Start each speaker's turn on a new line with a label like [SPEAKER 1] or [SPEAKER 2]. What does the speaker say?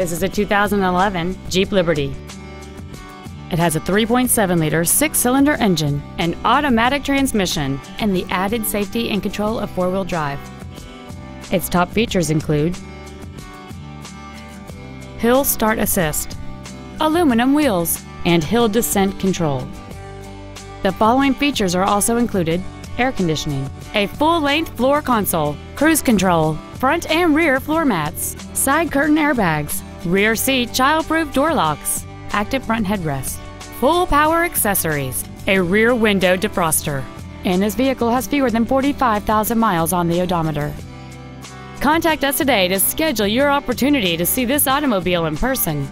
[SPEAKER 1] This is a 2011 Jeep Liberty. It has a 3.7 liter six cylinder engine, an automatic transmission, and the added safety and control of four wheel drive. Its top features include hill start assist, aluminum wheels, and hill descent control. The following features are also included air conditioning, a full length floor console, cruise control, front and rear floor mats, side curtain airbags, rear seat childproof door locks, active front headrest, full power accessories, a rear window defroster, and this vehicle has fewer than 45,000 miles on the odometer. Contact us today to schedule your opportunity to see this automobile in person.